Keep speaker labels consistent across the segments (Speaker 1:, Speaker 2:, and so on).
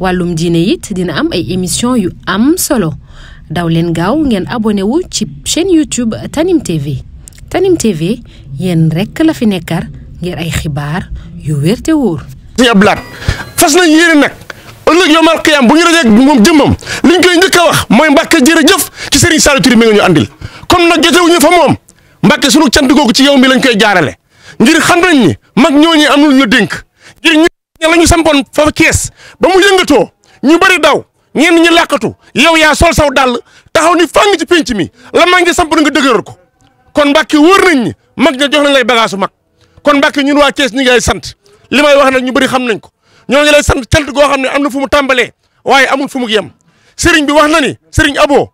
Speaker 1: wàllum diine it dina am ay émission yu am solo daw leen gaaw ngeen abonné wu ci chaîne YouTube Tanim TV Tanim TV yéen rekk la fi nekkar ngir ay xibaar yu wér te wóor.
Speaker 2: suñu ablaat fas nañ yéene nag ëllëg yomal qiyaam bu ñu rajee moom jëmmam li ñu koy njëkk a wax mooy Mbàkke jërëjëf ci Serigne Saliou Touré mi nga ñu andil kon nag jotewuñu fa moom Mbàkke sunu cant googu ci yow mi lañ koy jaarale ngir xam nañ ni mag ñooñu am lu ñu dénk la ñu sampoon foofu kees ba mu yëngatoo ñu bari daw ñenn ñu làqatu yow yaa sol saw dàll taxaw ni fàng ci penc mi la maa ngi samp nga dëgëral ko kon Mbàkke wóor nañ ñi mag ña jox nañ lay bagaasu mag kon Mbàkke ñun waa kees ñu ngi sant li may wax nag ñu bëri xam nañ ko ñoo ngi lay sant cant goo xam ne am na fu mu tàmbalee waaye amul fu mu yem sëriñ bi wax na ni sëriñ Abo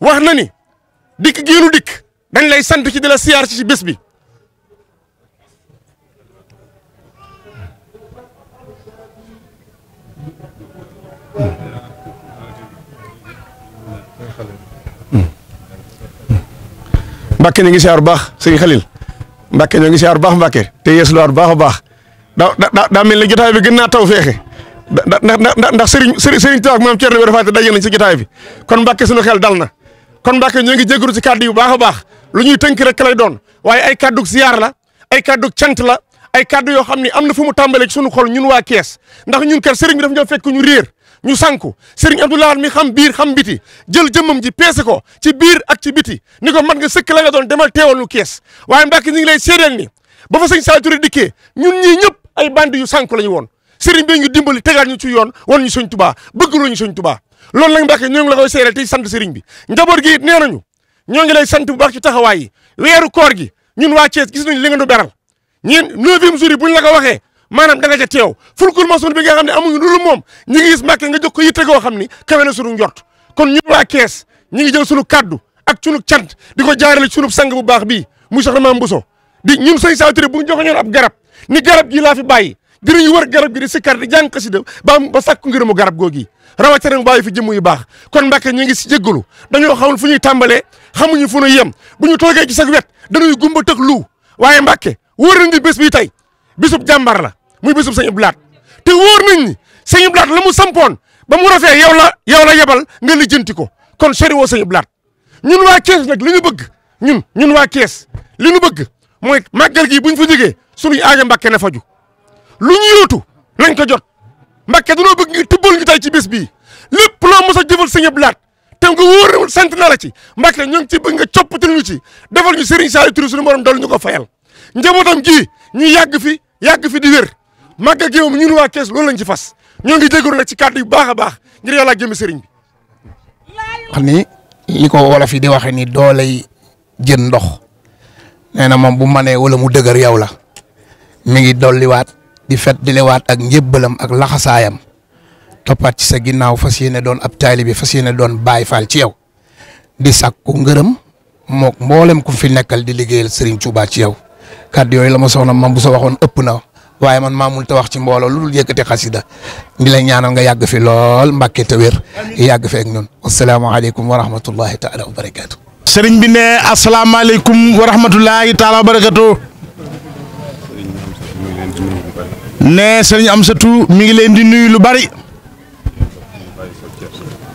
Speaker 2: wax na ni dikk géenu dikk dañ lay sant ci di la siyaar ci bés bi Mbàkke ñu ngi siyaar bu baax sëñ Xalil Mbàkke ñoo ngi siyaar bu baax Mbàkke te yeesluwaat bu baax baax da da daa mel ni jotaay bi gën naa taw feexe da da ndax Serigne Serigne Touba ak maam Thierno bi dafa daje nañ si jotaay bi kon Mbàkke suñu xel dal na kon Mbàkke ñoo ngi jégalu ci kàddu yu baax a baax lu ñuy tënk rek lay doon waaye ay kàddug yaar la ay kàddug cant la. ay kàddu yoo xam ne am na fu mu tàmbalee ci sunu xol ñun waa Kees ndax ñun kat sëriñ bi dafa ñoo fekk ñu réer ñu sànku sëriñ Abdoulaye am xam biir xam biti jël jëmmam ji peese ko ci biir ak ni ko mat nga sëkk la nga doon demal teewal nu Kees waaye Mbàkke ñu ngi lay séedeel ni ba fa sëñ Saliou Touré dikkee ñun ñii ñëpp ay bandi yu sànku lañu woon sëriñ bi ñu dimbali tegaat ñu ci yoon wan ñu sëñ Tuubaa bëggloo ñu loolu nag Mbàkke ñoo ngi la koy séedeel tey sant sëriñ bi njaboot gi nee nañu ñoo ngi lay sant bu baax ci taxawaay yi weeru koor gi ñun waa kees gis nañu li nga nu beral ñeent neuvième jour yi buñ la ko waxee maanaam da nga ca teew fulkul masun bi nga xam ne amuñu lu moom ñi ngi gis Mbàkke nga jox ko yitte goo xam ni kawe na sunu njort kon ñu waa kees ñi jël sunu kaddu ak sunu cant di ko jaarale sunu sang bu baax bii mu Cheikh Maam Bousso di ñun sa Saliou Touré bu ñu joxoñoon ab garab ni garab gi laa fi bàyyi dinañu war garab gi di sikkar di jàng xasida ba ba sàkku ngërëmu garab googi rawatina mu bàyyi fi jëmm yu baax kon Mbàkke ñu ngi si jéggalu dañoo xamul fu ñuy tàmbalee xamuñu fu yem bu ñu toogee ci sa wet dañuy gumba tëg lu waaye Mbàkke wóor nañ ni bés bii tey bésub jàmbaar la muy bésub sëñ Abdou te woor nañ ni sëñ Abdou la mu sampoon ba mu rafet yow la yow la yebal nga lijjanti ko kon sori woo sëñ Abdou ñun waa kees nag li ñu bëgg ñun ñun waa kees li ñu bëgg mooy màggal gii bu ñu fa jógee suñuy aajo Mbàkke na faju lu ñu yóotu nañ ko jot Mbàkke dañoo bëgg nga tibbal ñu ci bés bii lépp loo mu a jëfal sëñ Abdou Lahat te nga wóor sant na ci Mbàkke ñoo ngi ci bëgg nga coppatil ñu ci defal ñu Serigne Saliou Touré suñu borom dal ñu njamoot am gii ñu yàgg fi yàgg fi di wér màgg ak yow ñun waa Kees loolu lañ ci fas ñoo ngi jégalu nag ci kàddu yu baax baax ngir
Speaker 1: yàlla ak jëmmi sëriñ bi. wax ni ko wolof yi di waxee ni doo jën ndox nee na moom bu manee wala mu dëgër yow la mi ngi dolliwaat di fet di lewaat ak njëbbalam ak laxasaayam toppaat ci sa ginnaaw fas yéene doon ab taalibe fas yéene doon baay faal ci yow di sàkku ngërëm mook mboolem ku fi nekkal di liggéeyal sëriñ Touba ci yow. kàddu yooyu la ma soxna bu sa waxoon ëpp na waaye man maamul te wax ci mbooloo lu dul yëkkati xasida di la ñaanal nga yàgg fi lool mbàkke te wér yàgg feek ñun asalaamaaleykum wa rahmatullahi taala wa barakaatu. sëriñ bi ne asalaamaaleykum wa rahmatullahi taala wa barakaatu. ne sëriñ Amsatu mi ngi leen di nuyu lu bari.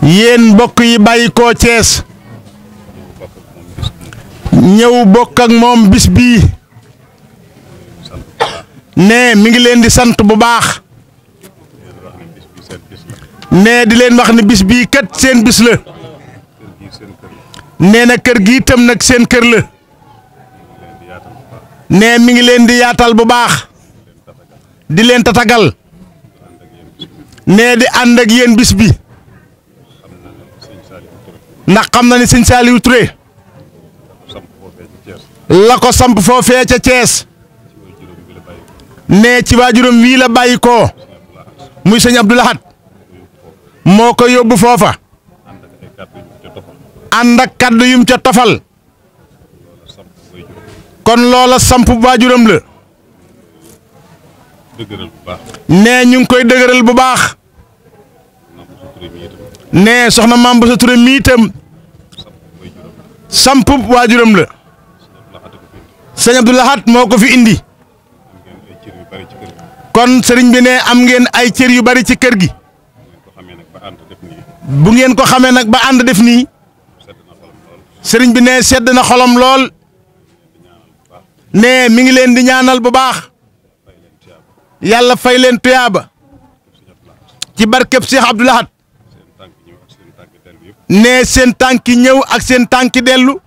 Speaker 1: yéen mbokk yi bàyyi koo Cees. ñëw bokk ak moom bis bii. nee mi ngi leen di sant bu baax nee di leen wax ne bis bii kat seen bis la nee na kër gi tam nag seen kër la nee mi ngi leen di yaatal bu baax di leen tatagal nee di ànd ak yéen bis bi ndax xam na ni sëñ Saliou Touré la ko samp foofee ca Thiès. ne ci waajuram wii la bàyyi koo muy sëñ Abdou moo ko yóbbu foofa ànd ak yum ca tofal kon loola samp waajuram la nee ñu ngi koy dëgëral bu baax nee soxna maam bu sa Touré mii itam waajuram la sëñ Abdou Lahad moo ko fi indi. kon sëriñ bi ne am ngeen ay cër yu bari ci kër gi. bu ngeen ko xamee nag ba ànd def nii. sëriñ bi ne sedd na xolom lool. ne mi ngi leen di ñaanal bu baax. yàlla fay leen tuyaaba. ci barkeb Cheikh Abdou Lahad. ne seen tànki ñëw ak seen tànki dellu.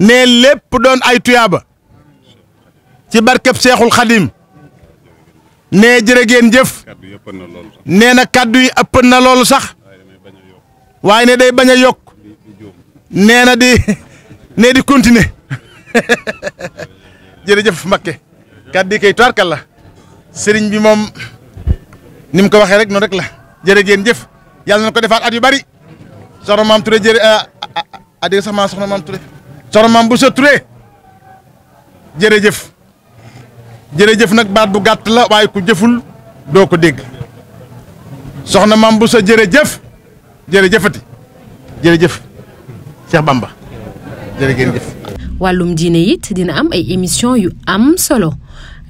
Speaker 1: ne lépp doon ay tuyaaba. ci barkeb Cheikhul Khadim. nee jërë ngeen jëf. nee na kàddu yi ëpp na loolu sax. waaye ne day bañ a yokk. nee na di nee di continuer jërëjëf Mbakke kàddu yi kay tuwaarkal la sëriñ bi moom ni mu ko waxee rek noonu rek la jërë ngeen jëf yàlla na defaat at yu bari soxna maam Touré jërë ah, ah, ah, ah sax maa soxna maam Touré soxna maam bu sa Touré jërëjëf. jërëjëf nag baat bu gàtt la waaye ku jëful doo ko dégg soxna maam bu sa jërëjëf jërëjëfati jërëjëf Cheikh Bamba jërë ngeen jëf. wàllum diine it dina am ay émission yu am solo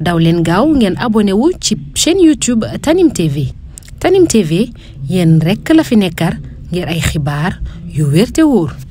Speaker 1: daw leen gaaw ngeen abonné ci chaîne YouTube Tanim TV Tanim yéen rekk la fi nekkar ngir ay xibaar yu wér te wóor.